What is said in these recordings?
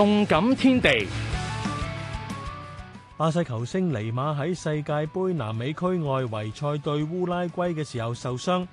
動感天地，巴西球星尼馬喺世界盃南美區外圍賽對烏拉圭嘅時候受傷。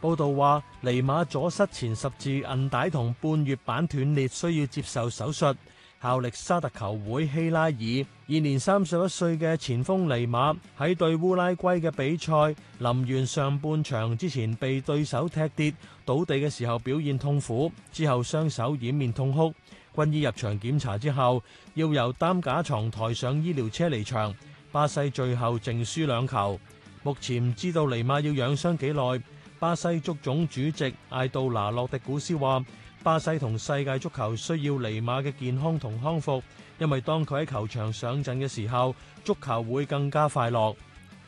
報道話，尼馬左膝前十字韌帶同半月板斷裂，需要接受手術。效力沙特球會希拉爾，現年三十一歲嘅前鋒尼馬喺對烏拉圭嘅比賽，臨完上半場之前被對手踢跌倒地嘅時候表現痛苦，之後雙手掩面痛哭。軍醫入場檢查之後，要由擔架床抬上醫療車離場。巴西最後淨輸兩球，目前唔知道尼馬要養傷幾耐。巴西足總主席艾杜拿洛迪古斯話：巴西同世界足球需要尼馬嘅健康同康復，因為當佢喺球場上陣嘅時候，足球會更加快樂。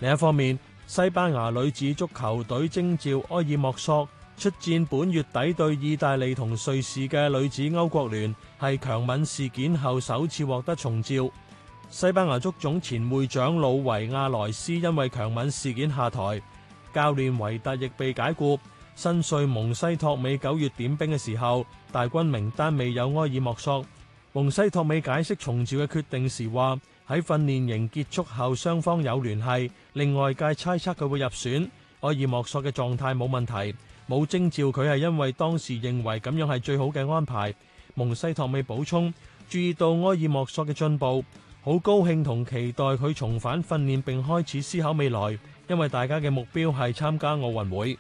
另一方面，西班牙女子足球隊徵召埃爾莫索出戰本月底對意大利同瑞士嘅女子歐國聯，係強吻事件後首次獲得重召。西班牙足總前會長魯維亞萊斯因為強吻事件下台。教練維達亦被解僱。新帥蒙西托美九月點兵嘅時候，大軍名單未有埃爾莫索。蒙西托美解釋重召嘅決定時話：喺訓練營結束後，雙方有聯繫，令外界猜測佢會入選。埃爾莫索嘅狀態冇問題，冇徵召佢係因為當時認為咁樣係最好嘅安排。蒙西托美補充：注意到埃爾莫索嘅進步。好高興同期待佢重返訓練並開始思考未來，因為大家嘅目標係參加奧運會。